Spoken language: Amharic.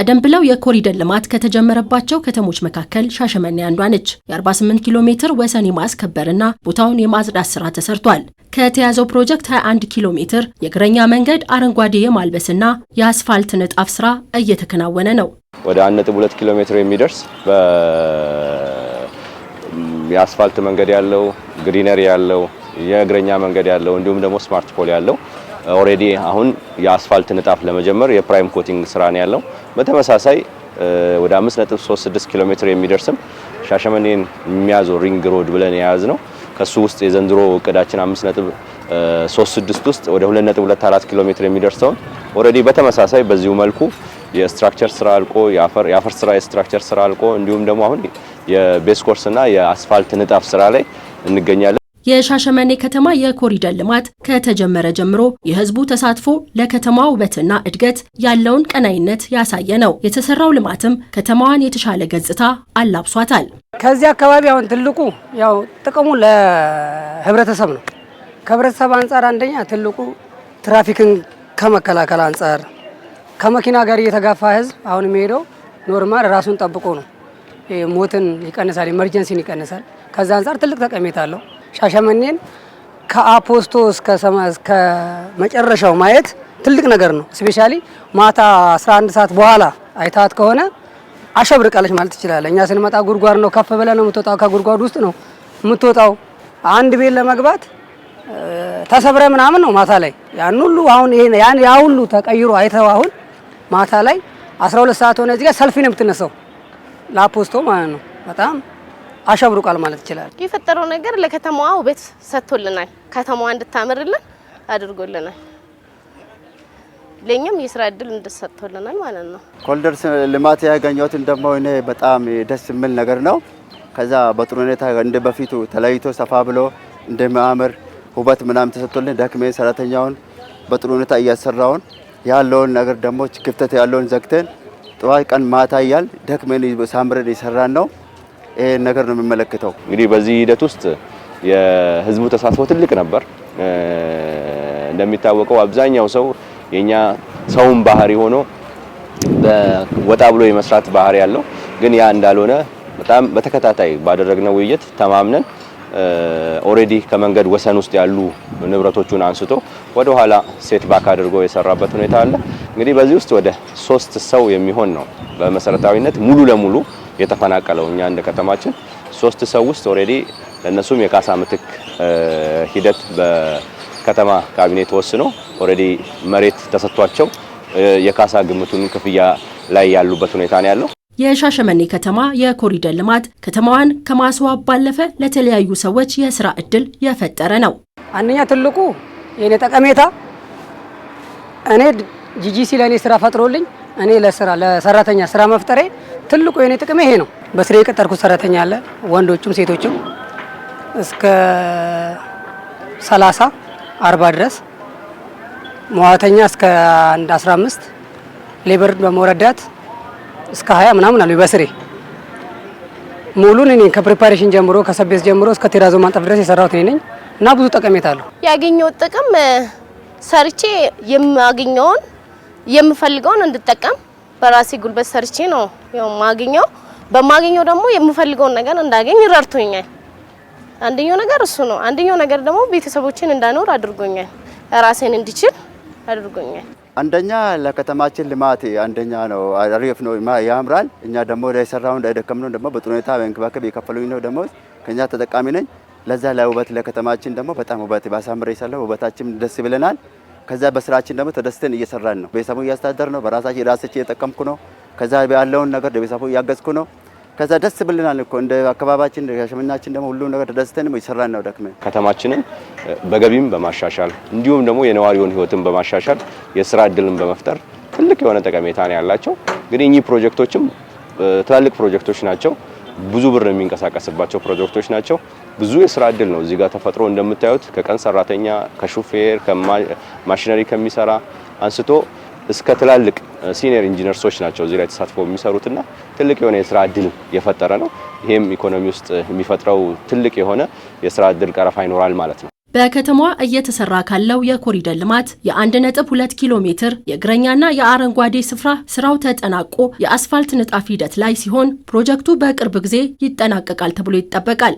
ቀደም ብለው የኮሪደር ልማት ከተጀመረባቸው ከተሞች መካከል ሻሸመኔ አንዷ ነች። የ48 ኪሎ ሜትር ወሰን የማስከበርና ቦታውን የማጽዳት ስራ ተሰርቷል። ከተያዘው ፕሮጀክት 21 ኪሎ ሜትር የእግረኛ መንገድ አረንጓዴ የማልበስና የአስፋልት ንጣፍ ስራ እየተከናወነ ነው። ወደ 1.2 ኪሎ ሜትር የሚደርስ የአስፋልት መንገድ ያለው ግሪነሪ ያለው የእግረኛ መንገድ ያለው እንዲሁም ደግሞ ስማርት ፖል ያለው ኦሬዲ አሁን የአስፋልት ንጣፍ ለመጀመር የፕራይም ኮቲንግ ስራ ነው ያለው። በተመሳሳይ ወደ 536 ኪሎ ሜትር የሚደርስም ሻሸመኔን የሚያዘው ሪንግ ሮድ ብለን የያዝ ነው። ከሱ ውስጥ የዘንድሮ እቅዳችን 536 ውስጥ ወደ 224 ኪሎ ሜትር የሚደርሰውን ኦሬዲ በተመሳሳይ በዚሁ መልኩ የስትራክቸር ስራ አልቆ የአፈር ስራ የስትራክቸር ስራ አልቆ እንዲሁም ደግሞ አሁን የቤስ ኮርስና የአስፋልት ንጣፍ ስራ ላይ እንገኛለን። የሻሸመኔ ከተማ የኮሪደር ልማት ከተጀመረ ጀምሮ የህዝቡ ተሳትፎ ለከተማ ውበትና እድገት ያለውን ቀናይነት ያሳየ ነው። የተሰራው ልማትም ከተማዋን የተሻለ ገጽታ አላብሷታል። ከዚህ አካባቢ አሁን ትልቁ ያው ጥቅሙ ለህብረተሰብ ነው። ከህብረተሰብ አንጻር አንደኛ ትልቁ ትራፊክን ከመከላከል አንጻር ከመኪና ጋር እየተጋፋ ህዝብ አሁን የሚሄደው ኖርማል ራሱን ጠብቆ ነው። ሞትን ይቀንሳል፣ ኢመርጀንሲን ይቀንሳል። ከዛ አንጻር ትልቅ ጠቀሜታ አለው። ሻሸመኔን ከአፖስቶ እስከ መጨረሻው ማየት ትልቅ ነገር ነው። ስፔሻሊ ማታ 11 ሰዓት በኋላ አይታት ከሆነ አሸብርቃለች ማለት ትችላለህ። እኛ ስንመጣ ጉድጓድ ነው፣ ከፍ ብለህ ነው የምትወጣው። ከጉድጓድ ውስጥ ነው የምትወጣው። አንድ ቤት ለመግባት ተሰብረ ምናምን ነው ማታ ላይ ያን ሁሉ አሁን ይሄ ያን ያ ሁሉ ተቀይሮ አይተው አሁን ማታ ላይ 12 ሰዓት ሆነ እዚህ ጋር ሰልፊ ነው የምትነሳው ለአፖስቶ ማለት ነው በጣም አሸብርቋል ማለት ይችላል። የፈጠረው ነገር ለከተማዋ ውበት ሰጥቶልናል። ከተማዋ እንድታምርልን አድርጎልናል። ለኛም የስራ እድል እንድሰጥቶልናል ማለት ነው። ኮሪደር ልማት ያገኘሁትን ደግሞ እኔ በጣም ደስ የሚል ነገር ነው። ከዛ በጥሩ ሁኔታ እንደ በፊቱ ተለይቶ ሰፋ ብሎ እንደሚያምር ውበት ምናምን ተሰጥቶልን ደክሜ ሰራተኛውን በጥሩ ሁኔታ እያሰራውን ያለውን ነገር ደግሞ ክፍተት ያለውን ዘግተን ጠዋት ቀን ማታ እያል ደክሜን ሳምረን የሰራን ነው። ይሄን ነገር ነው የሚመለከተው። እንግዲህ በዚህ ሂደት ውስጥ የህዝቡ ተሳትፎ ትልቅ ነበር። እንደሚታወቀው አብዛኛው ሰው የኛ ሰውን ባህሪ ሆኖ ወጣ ብሎ የመስራት ባህሪ ያለው ግን ያ እንዳልሆነ በጣም በተከታታይ ባደረግነው ውይይት ተማምነን ኦሬዲ ከመንገድ ወሰን ውስጥ ያሉ ንብረቶቹን አንስቶ ወደ ኋላ ሴት ባክ አድርጎ የሰራበት ሁኔታ አለ። እንግዲህ በዚህ ውስጥ ወደ ሶስት ሰው የሚሆን ነው በመሰረታዊነት ሙሉ ለሙሉ የተፈናቀለው። እኛ እንደ ከተማችን ሶስት ሰው ውስጥ ኦልሬዲ ለእነሱም የካሳ ምትክ ሂደት በከተማ ካቢኔ ተወስኖ ኦልሬዲ መሬት ተሰጥቷቸው የካሳ ግምቱን ክፍያ ላይ ያሉበት ሁኔታ ነው ያለው። የሻሸመኔ ከተማ የኮሪደር ልማት ከተማዋን ከማስዋብ ባለፈ ለተለያዩ ሰዎች የስራ እድል የፈጠረ ነው። አንደኛ ትልቁ የኔ ጠቀሜታ እኔ ጂጂሲ ለእኔ ስራ ፈጥሮልኝ እኔ ለስራ ለሰራተኛ ስራ መፍጠሬ ትልቁ የኔ ጥቅም ይሄ ነው። በስሬ የቀጠርኩት ሰራተኛ አለ ወንዶቹም ሴቶችም እስከ ሰላሳ አርባ ድረስ መዋተኛ እስከ አንድ አስራ አምስት ሌበር በመረዳት እስከ ሀያ ምናምን አሉ በስሬ ሙሉን እኔ ከፕሪፓሬሽን ጀምሮ ከሰቤስ ጀምሮ እስከ ቴራዞ ማንጠፍ ድረስ የሰራሁት እኔ ነኝ እና ብዙ ጠቀሜታ አለው። ያገኘው ጥቅም ሰርቼ የማገኘውን የምፈልገውን እንድጠቀም በራሴ ጉልበት ሰርቼ ነው ያው ማግኘው በማግኘው ደግሞ የምፈልገውን ነገር እንዳገኝ ረድቶኛል። አንደኛው ነገር እሱ ነው። አንደኛው ነገር ደግሞ ቤተሰቦችን እንዳኖር አድርጎኛል። ራሴን እንድችል አድርጎኛል። አንደኛ ለከተማችን ልማት አንደኛ ነው። አሪፍ ነው፣ ያምራል። እኛ ደግሞ ለሰራው ለደከም ነው ደግሞ በጥሩ ሁኔታ በእንክብካቤ የከፈሉኝ ነው ደግሞ ከኛ ተጠቃሚ ነኝ። ለዛ ለውበት ለከተማችን ደግሞ በጣም ውበት ባሳምረ ይሰለ ውበታችን ደስ ብለናል። ከዛ በስራችን ደግሞ ተደስተን እየሰራን ነው። ቤተሰቡን እያስተዳደር ነው። በራሳችን ራሳችን እየጠቀምኩ ነው። ከዛ ያለውን ነገር ደቤሳፎ እያገዝኩ ነው። ከዛ ደስ ብልናል እኮ እንደ አካባቢያችን ሻሸመኔያችን ደግሞ ሁሉ ነገር ተደስተን ይሰራን ነው ደክመ ከተማችንን በገቢም በማሻሻል እንዲሁም ደግሞ የነዋሪውን ህይወትን በማሻሻል የስራ እድልን በመፍጠር ትልቅ የሆነ ጠቀሜታ ነው ያላቸው። እንግዲህ እኚህ ፕሮጀክቶችም ትላልቅ ፕሮጀክቶች ናቸው። ብዙ ብር የሚንቀሳቀስባቸው ፕሮጀክቶች ናቸው። ብዙ የስራ እድል ነው እዚህ ጋር ተፈጥሮ እንደምታዩት ከቀን ሰራተኛ፣ ከሹፌር፣ ከማሽነሪ ከሚሰራ አንስቶ እስከ ትላልቅ ሲኒየር ኢንጂነርሶች ናቸው እዚህ ላይ ተሳትፎ የሚሰሩትና ትልቅ የሆነ የስራ እድል የፈጠረ ነው። ይህም ኢኮኖሚ ውስጥ የሚፈጥረው ትልቅ የሆነ የስራ እድል ቀረፋ ይኖራል ማለት ነው። በከተማዋ እየተሰራ ካለው የኮሪደር ልማት የ1.2 ኪሎ ሜትር የእግረኛና የአረንጓዴ ስፍራ ስራው ተጠናቆ የአስፋልት ንጣፍ ሂደት ላይ ሲሆን ፕሮጀክቱ በቅርብ ጊዜ ይጠናቀቃል ተብሎ ይጠበቃል።